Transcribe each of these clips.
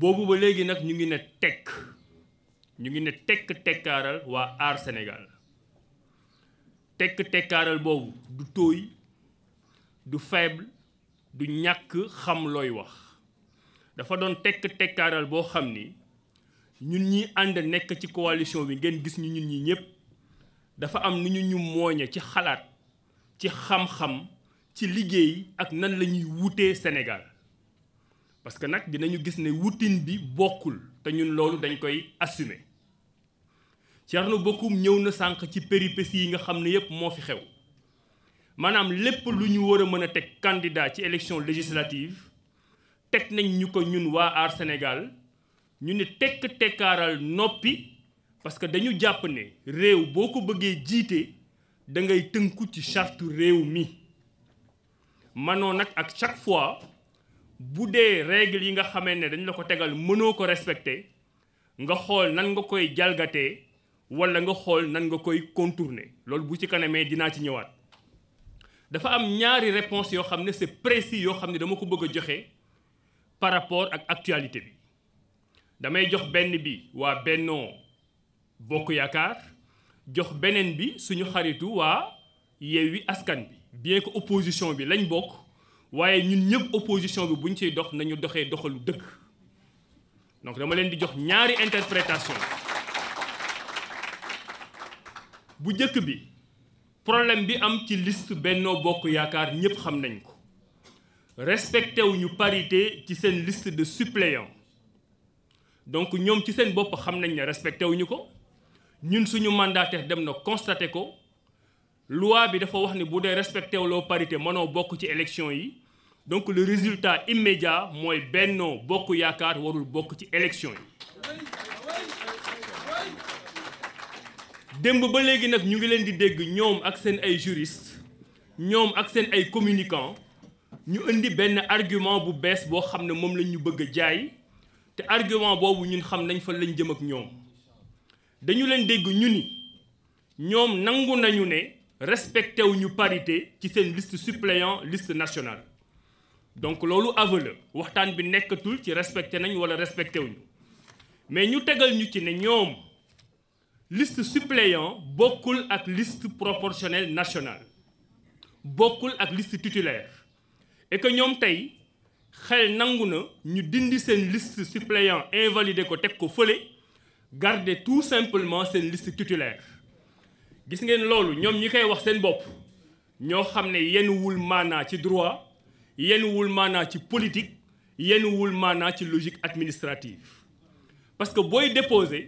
boobu ba léegi nag ñu ngi ne tekk ñu ngi ne tekk tekkaaral waa aar Sénégal tekk tekkaaral boobu du tooy du faible du ñàkk xam looy wax dafa doon tekk tekkaaral boo xam ni ñun ñi ànd nekk ci coalition bi ngeen gis ñu ñun ñi ñëpp dafa am nu ñu ñu mooñe ci xalaat ci xam-xam ci liggéey ak nan lañuy ñuy wutee Sénégal parce que nag dinañu gis ne wutin bi bokkul te ñun loolu dañ koy assumer Thierno bokkum ñëw na sànq ci péripéties yi nga xam ne yépp moo fi xew maanaam lépp lu ñu war a mën a teg candidat ci élection législative teg nañ ñu ko ñun waa aar Sénégal ñu ne tekk tekkaaral noppi parce que dañu jàpp ne réew boo ko bëggee jiite da ngay tënku ci charte réew mi manoo nag ak chaque fois bu dee règle yi nga xamee ne dañu la ko tegal mënoo ko respecter nga xool nan nga koy jalgatee wala nga xool nan nga koy contourner loolu bu ci kanamee dinaa ci ñëwaat dafa am ñaari réponse yoo xam ne c'est précis yoo xam ne dama ko bëgg a joxe par rapport ak actualité bi damay jox benn bi waa Bennoo Bokk Yaakaar jox beneen bi suñu xaritu waa Yewwi Askan bi bien que opposition bi lañ bokk waaye ñun ñëpp opposition bi bu ñu ciy dox nañu doxee doxalu dëgg donc dama leen di jox ñaari interprétation bu njëkk bi problème bi am ci list Benno Bokk Yaakaar ñëpp xam nañ ko respecté wu ñu parité ci seen liste de suppléants donc ñoom ci seen bopp xam nañ ne respecté wuñu ko ñun suñu mandataire dem na constaté ko loi bi dafa wax ni bu dee respecté wuloo parité mënoo bokk ci élection yi donc le résultat immédiat mooy Benno Bokk Yaakaar warul bokk ci élection yi démb ba léegi nag ñu ngi leen di dégg ñoom ak seen ay juris ñoom ak seen ay communicant ñu indi benn argument bu bees boo xam ne moom lañ ñu bëgg a jaay te argument boobu ñun xam nañ fa lañ jëm ak ñoom dañu leen dégg ñu ni ñoom nangu nañu ne respecté wu ñu parité ci seen liste suppléant liste national donc loolu aveu waxtaan bi nekkatul ci respecté nañ wala respecté wuñu mais ñu tegal ñu ci ne ñoom liste suppléant bokkul ak liste proportionnelle nationale bokkul ak list titulaire et que ñoom tey xel nangu na ñu dindi seen liste suppléant invalidé ko teg ko fële garder tout simplement seen liste titulaire gis ngeen loolu ñoom ñi koy wax seen bopp ñoo xam ne yenn wul maanaa ci droit yenn wul maanaa ci politique yenn wul maanaa ci logique administrative parce que booy déposé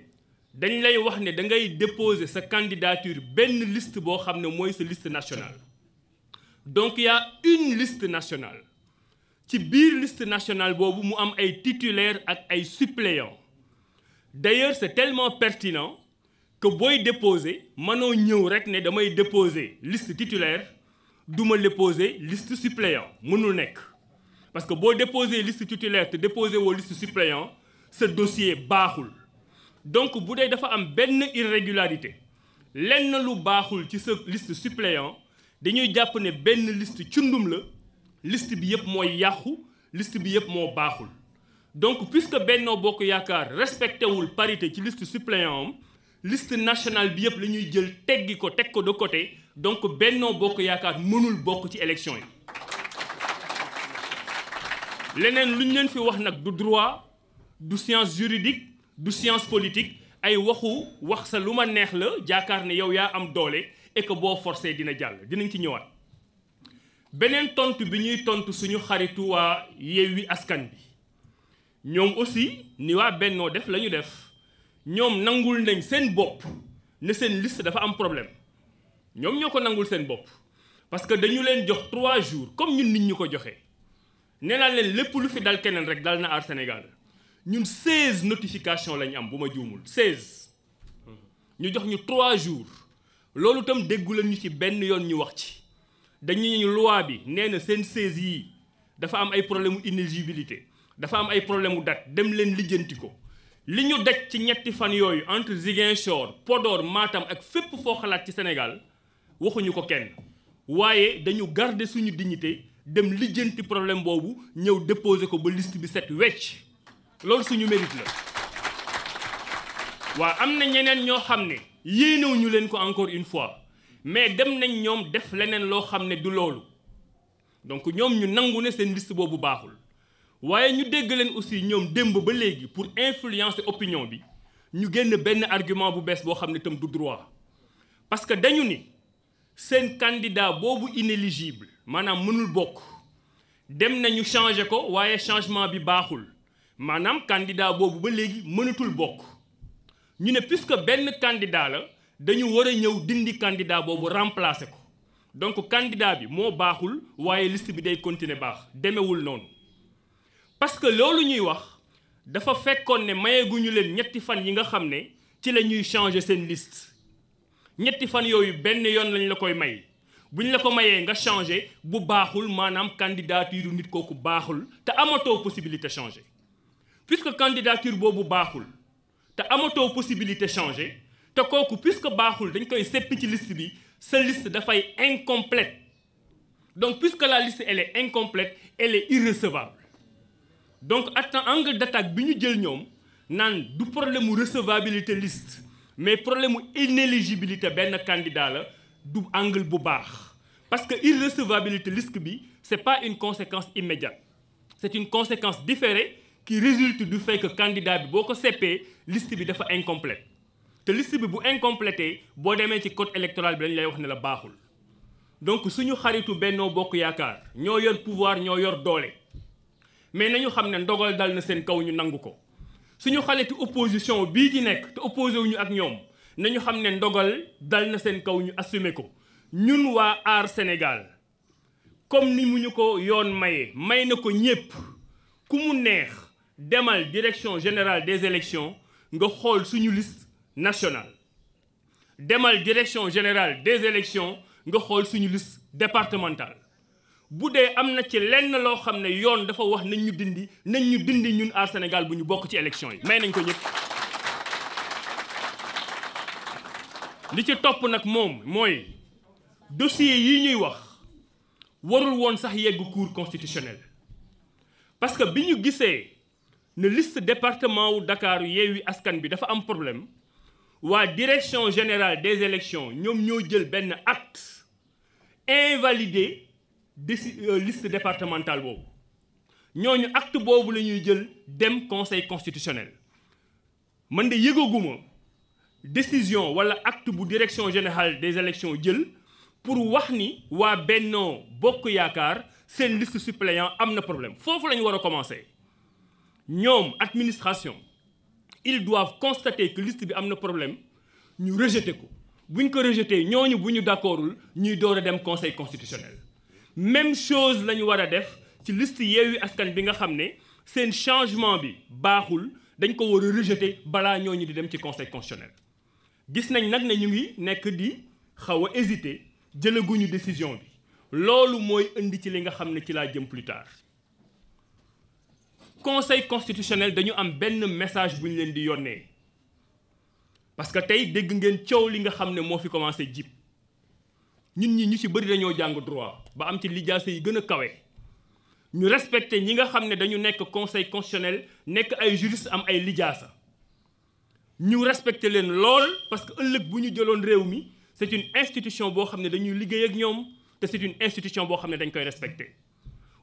dañ lay wax ne da ngay déposer sa candidature benn liste boo xam ne mooy sa liste nationale donc y une liste national ci biir liste national boobu mu am ay titulaire ak ay suppléants d'ailleurs c'est tellement pertinent que booy déposer mënoo ñëw rek ne damay déposé liste titulaire duma ma déposer liste suppléant mënul nekk parce que boo déposer list titulaire te déposer woo liste suppléant sa dossier baaxul donc bu dee dafa am benn irrégularité lenn lu baaxul ci sa list suppléant dañuy jàpp ne benn liste cundum la liste bi yëpp mooy yàqu liste bi yëpp moo baaxul donc puisque Benno Bokk Yaakaar respecté wul parité ci liste suppléant am liste nationale bi yëpp lañuy jël teggi ko teg ko de côté donc Benno Bokk Yaakaar mënul bokk ci élection yi leneen lu ñu leen fi wax nag du droit du science juridique du science politique ay waxu wax sa lu ma neex la jaakaar ne yow yaa am doole et boo forcé dina jàll dinañ ci ñëwaat beneen tontu bi ñuy tontu suñu xaritu waa Yewwi Askan Wi ñoom aussi ni waa Bennoo def la ñu def ñoom nangul nañ seen bopp ne seen liste dafa am problème ñoom ñoo ko nangul seen bopp parce que dañu leen jox trois jours comme ñun nit ñu ko joxee nee leen lépp lu fi dal keneen rek dal na aar Sénégal ñun 16 notification lañu am bu ma juumul 16 ñu jox ñu trois jours loolu itam déggu leen ñu ci benn yoon ñu wax ci dañu ñu loi bi nee na seen 16 yii dafa am ay problème u dafa am ay problème u date dem leen lijjanti ko li ñu daj ci ñetti fan yooyu entre Ziguinchor podoor maatam ak fépp foo xalaat ci Sénégal waxuñu ko kenn waaye dañu garder suñu dignité dem lijjanti problème boobu ñëw déposer ko ba liste bi set wecc lool suñu mérite la waa am na ñeneen ñoo xam ne yéenewuñu leen ko encore une fois mais dem nañ ñoom def leneen loo xam ne du loolu donc ñoom ñu nangu ne seen liste boobu baaxul waaye ñu dégg leen aussi ñoom démb ba léegi pour influencer opinion bi ñu génn benn argument bu bees boo xam ne tam du droit parce que dañu ni seen candidat boobu inéligible maanaam mënul bokk dem nañu changer ko waaye changement bi baaxul maanaam candidat boobu ba léegi mënatul bokk ñu ne puisque benn kandidaa la dañu war a ñëw dindi candidat boobu remplacer ko donc candidat bi moo baaxul waaye list bi day continuer baax demewul noonu parce que loolu ñuy wax dafa fekkoon ne mayeeguñu leen ñetti fan yi nga xam ne ci la ñuy changer seen liste ñetti fan yooyu benn yoon lañ la koy may bu ñu la ko mayee nga changer bu baaxul maanaam candidature nit kooku baaxul te amatoo possibilité changer puisque candidature boobu baaxul te amatoo possibilité changer te kooku puisque baaxul dañ koy seppi ci liste bi sa liste dafay incomplète donc puisque la liste elle est incomplète elle est irrecevable donc atta angle d'attaque bi ñu jël ñoom naan du problème mu recevabilité liste mais problème mu inéligibilité benn candidat la du angle bu baax parce que irrecevabilité liste bi c'est pas une conséquence immédiate c'est une conséquence différée qui résulte du fekk que bi boo ko seppee liste bi dafa incomplète te list bi bu incomplété boo demee ci code électoral bi dañu lay wax ne la baaxul donc suñu xaritu Benno Bokk Yaakaar ñoo yor pouvoir ñoo yor doole mais nañu xam ne ndogal dal na seen kaw ñu nangu ko suñu xaleti opposition bii di nekk te opposé wuñu ak ñoom nañu xam ne ndogal dal na seen kaw ñu assumer ko ñun waa aar Sénégal comme ni mu ñu ko yoon maye may na ko ñépp ku mu neex demal direction général des élections nga xool suñu liste nationale demal direction générale des élections nga xool suñu liste départementale bu dee am na ci lenn loo xam ne yoon dafa wax nañ ñu dindi nañ ñu dindi ñun aar Sénégal bu ñu bokk ci élection yi may nañ ko ñëpp li ci topp nag moom mooy dossier yi ñuy wax warul woon sax yegg cour constitutionnelle parce que bi ñu gisee ne list département wu Dakar Yewwi Askan bi dafa am problème waa direction générale des élections ñoom ñoo jël benn acte invalidé déci euh, liste départementale boobu ñooñu act boobu la ñuy jël dem conseil constitutionnel man de yëgaguma décision walla acte bu direction général des élections jël pour wax ni waa Bennoo Bokk Yaakaar seen liste suppléant am na problème foofu la ñu war a commencer ñoom administration ils doivent constater que liste bi am na problème ñu rejeter ko bu ñu ko rejeter ñooñu bu ñu d'accordul ñuy door a dem conseil constitutionnel même chose la ñu war a def ci liste Yewwi Askan bi nga xam ne seen changement bi baaxul dañ ko war a rejeter balaa ñooñu di dem ci conseil constitutionnel gis nañ nag ne ñu ngi nekk di xaw a hésiter jëlaguñu décision bi loolu mooy indi ci li nga xam ne ci laa jëm plus tard conseil constitutionnel dañu am benn message bu ñu leen di yónnee parce que tey dégg ngeen coow li nga xam ne moo fi commencé jib ñun ñi ñu ci bëri dañoo jàng droit ba am ci lijaase yi gën a kawe ñu respecté ñi nga xam ne dañu nekk conseil constitutionnel nekk ay juriste am ay lijaasa ñu respecté leen lool parce que ëllëg bu ñu jëloon réew mi c'est une institution boo xam ne dañuy liggéey ak ñoom te une institution boo xam ne dañ koy respecté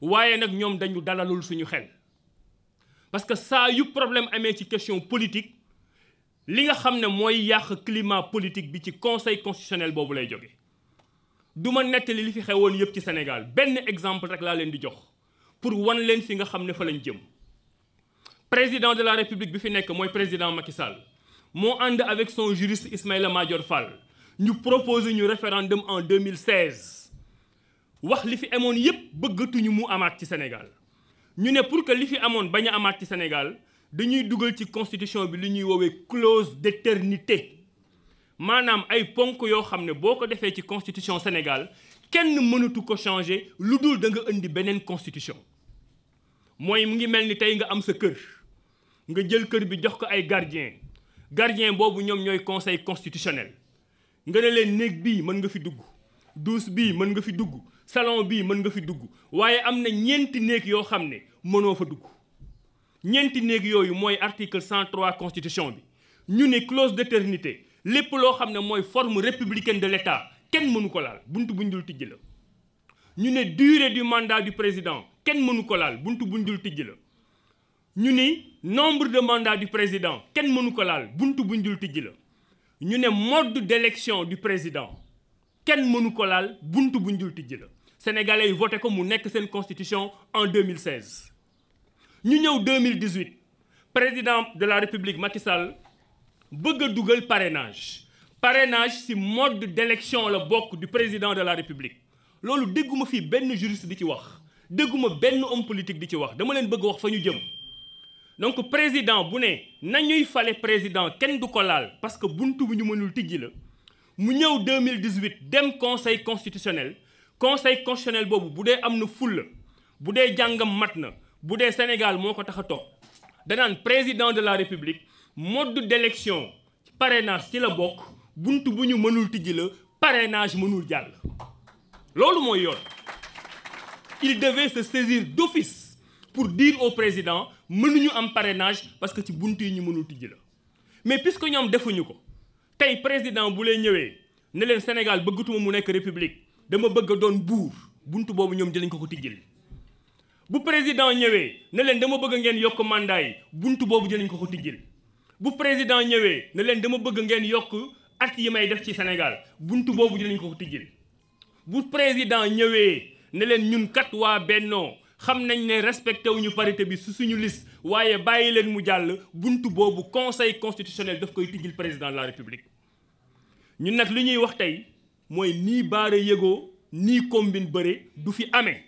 waaye nag ñoom dañu dalalul suñu xel parce que saa yu problème amee ci question politique li nga xam ne mooy yàq climat politique bi ci conseil constitutionnel boobu lay jóge du ma nettali li fi xewoon yëpp ci Sénégal benn exemple rek laa leen di jox pour wan leen fi nga xam ne fa lañ jëm président de la république bi fi nekk mooy président Macky Sall moo ànd avec son juriste Ismaïla Madior Fall ñu proposer ñu référendum en 2016 wax li fi amoon yëpp bëggatuñu mu amaat ci Sénégal ñu ne pour que li fi amoon bañ amaat ci Sénégal dañuy dugal ci constitution bi li ñuy woowee clause d'éternité maanaam ay ponk yoo xam ne boo ko defee ci constitution Sénégal kenn mënatu ko changer lu dul da nga indi beneen constitution mooy mu ngi mel ni tey nga am sa kër nga jël kër bi jox ko ay gardien gardien boobu ñoom ñooy conseil constitutionnel nga ne leen néeg bii mën nga fi dugg douche bii mën nga fi dugg salon bii mën nga fi dugg waaye am na ñeenti néeg yoo xam ne mënoo fa dugg ñeenti néeg yooyu mooy article 103 constitution bi ñu ne close de d'éternité lépp loo xam ne mooy forme républicaine de l'État kenn mënu ko laal buntu buñ dul tijji la ñu ne durée du mandat du président kenn mënu ko laal buntu buñ jul tijji la ñu ni nombre de mandats du président kenn mënu ko laal buntu buñ dul tijji la ñu ne mode d'élection du président kenn mënu ko laal buntu buñ dul tijji la sénégalais yi voté ko mu nekk seen constitution en 2016 ñu ñëw 2018 président de la république Macky bëgg a dugal parrainage parrainage ci mode d'élection la bokk du président de la république loolu dégguma fii benn juriste di ci wax dégguma benn homme politique di ci wax dama leen bëgg wax fa ñu jëm donc président bu ne na ñuy fale président kenn du ko laal parce que buntu bu ñu mënul tijji la mu ñëw 2018 dem conseil constitutionnel conseil constitutionnel boobu bu dee am na fulla bu dee jàngam mat na bu dee Sénégal moo ko tax a toog danaan président de la république mode d'élection parrainage ci la bokk bunt bu ñu mënul tijji la parrainage mënul jàll loolu mooy yoon il devait se saisir d'office pour dire au président mënuñu am parrainage parce que ci bunt yi ñu mënul tijji la mais puisque ñoom defuñu ko tey président bu leen ñëwee ne leen Sénégal bëggatuma mu nekk république dama bëgg doon buur bunt boobu ñoom jëlañ ko ko tijjil bu président ñëwee ne leen dama bëgg ngeen yokk mandat yi bunt boobu jëlañ ko ko tijjil bu président ñëwee ne leen dama bëgg ngeen yokk at yi may def ci Sénégal buntu boobu dinañ ko ko tijjil bu président ñëwee ne leen ñun kat waa Bennoo xam nañ ne respecté wuñu parité bi su suñu lis waaye bàyyi leen mu jàll bunt boobu conseil constitutionnel daf koy tijjil président la république ñun nag li ñuy wax tey mooy nii baara yëgoo nii combine bëre du fi amee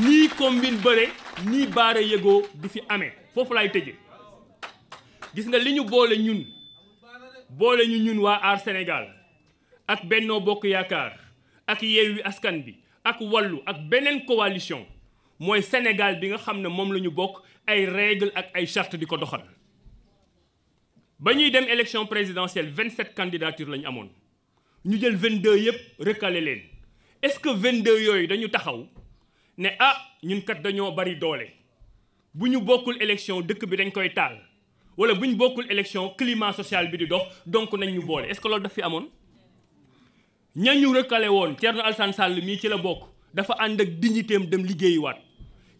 nii combine bëre nii baara yëgoo du fi amee foofu laay tëje gis nga li ñu boole ñun boole ñu ñun waa aar Sénégal ak Benno Bokk Yaakaar ak Yewwi Askan bi ak Wallu ak beneen coalition mooy Sénégal bi nga xam ne moom la ñu bokk ay règle ak ay charte di ko doxal ba ñuy dem élection présidentielle 27 candidatures la ñu amoon ñu jël 22 yëpp recalé leen est-ce que 22 yooyu dañu taxaw ne ah ñun dañoo bari doole bu ñu bokkul élection dëkk bi dañ koy taal wala bu ñu bokkul élection climat social bi di dox donc nañ ñu boole est-ce que loolu daf fi amoon. ñañu recalé woon Thierno Alassane Sall mii ci la bokk dafa ànd ak dignitéem dem liggéeyiwaat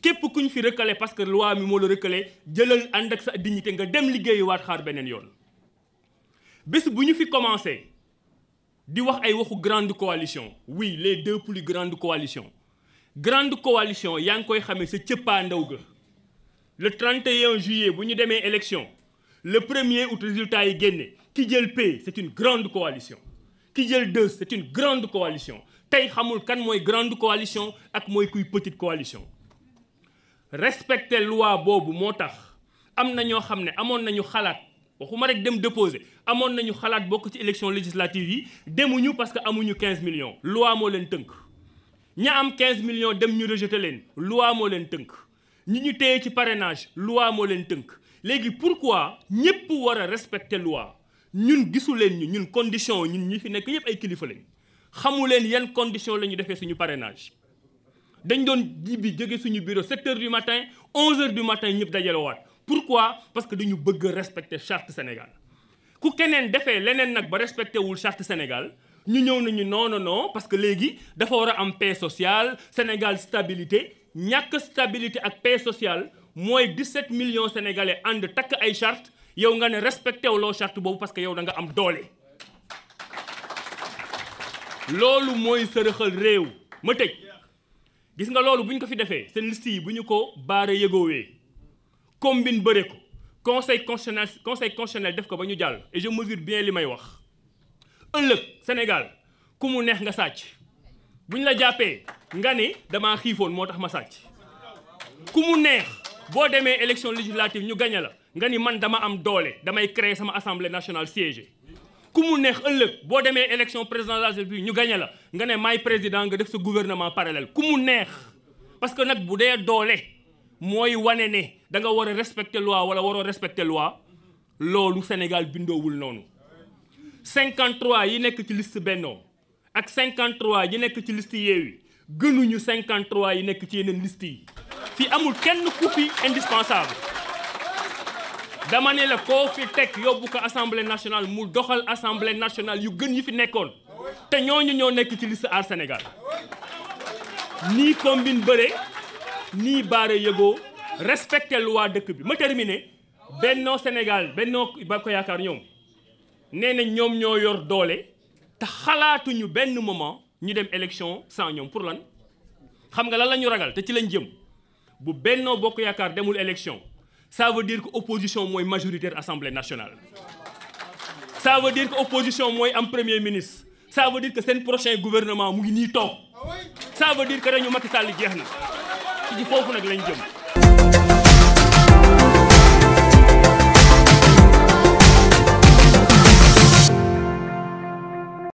képp ku ñu fi recalé parce que loi mi moo la recalé jëlal ànd ak sa dignité nga dem liggéeyiwaat xaar beneen yoon. bés bu ñu fi commencé di wax ay waxu grande coalition oui les deux plus grande coalitions grande coalition yaa ngi koy xamee sa cëppaandaw ga le 31 juillet bu ñu demee élection. le premier août résultat yi génne ki jël P c'est une grande coalition ki jël 2 c'est une grande coalition tey xamul kan mooy grande coalition ak mooy kuy petite coalition respecter loi boobu moo tax am na ñoo xam ne amoon nañu xalaat waxuma rek dem déposer amoon nañu xalaat bokk ci élection législative yi demuñu parce que amuñu 15 million loi moo leen tënk ña am 15 millions dem ñu rejeter leen loi moo leen tënk ñi ñu téye ci parrainage loi moo leen tënk. léegi pourquoi ñëpp war a respecter loi ñun gisu leen ñu ñun condition ñun ñu fi nekk yëpp ay kilifa lañ xamu leen yan condition la ñu defee suñu parrainage dañ doon ji jege suñu bureau secteur heures du matin 11 heures du matin ñëpp dajalewaat pourquoi parce que dañu bëgg a respecter charte Sénégal ku keneen defee leneen nag ba respecté wul charte Sénégal ñu ñëw nañu non non non parce que léegi dafa war a am paix sociale Sénégal stabilité ñàkk stabilité ak paix sociale mooy 17 millions sénégalais ànd takk ay charte yow nga ne respecté wu loo charte boobu parce que yow da am doole. loolu mooy sërëxal réew ma tëj gis nga loolu bu ñu ko fi defee seen liste yi bu ñu ko baare yëgoowee combine bëre ko conseil constitutionnel conseil def ko ba ñu jàll et je mesure bien li may wax ëllëg Sénégal ku mu neex nga sàcc bu ñu la jàppee nga ni damaa xiifoon moo tax ma sàcc ku mu neex boo demee élection législative ñu gañe la nga ni man dama am doole damay créer sama assemblée nationale siégé ku mu neex ëllëg boo demee élection présidentielle bi ñu gañe la nga ne maay président nga def sa gouvernement parallèle ku mu neex parce que nag bu dee doole mooy wane ne da nga war a respecter loi wala waroo respecter loi loolu Sénégal bindoowul noonu 53 yi nekk ci liste Benno ak 53 yi nekk ci liste Yewwi gënuñu 53 yi nekk ci yeneen liste yi fi amul kenn ku fi indispensable dama ne la koo fi teg yóbbu ko assemblée nationale mu doxal assemblée nationale yu gën yi fi nekkoon te ñooñu ñoo nekk ci liste Aar Sénégal nii combine bëre nii baare yëgoo respecté waa dëkk bi ma terminé Benno Sénégal Benno Bokk Yaakaar ñoom nee na ñoom ñoo yor doole te xalaatuñu benn moment ñu dem élection sans ñoom pour lan xam nga lan la ñu ragal te ci lañ jëm bu Benno Bokk Yaakaar demul élection ça veut dire que mooy majoritaire assemblée nationale ça veut dire que opposition mooy am premier ministre ça veut que seen prochain gouvernement mu ngi nii toog ça veut dire que dañu Macky Sall jeex na ci foofu nag lañ jëm